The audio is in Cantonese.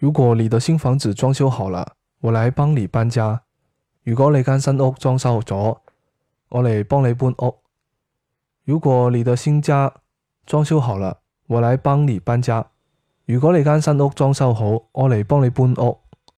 如果你的新房子裝修好了，我嚟幫你搬家。如果你間新屋裝修咗，我嚟幫你搬屋。如果你的新家裝修好了，我嚟幫你搬家。如果你間新屋裝修好，我嚟幫你搬屋。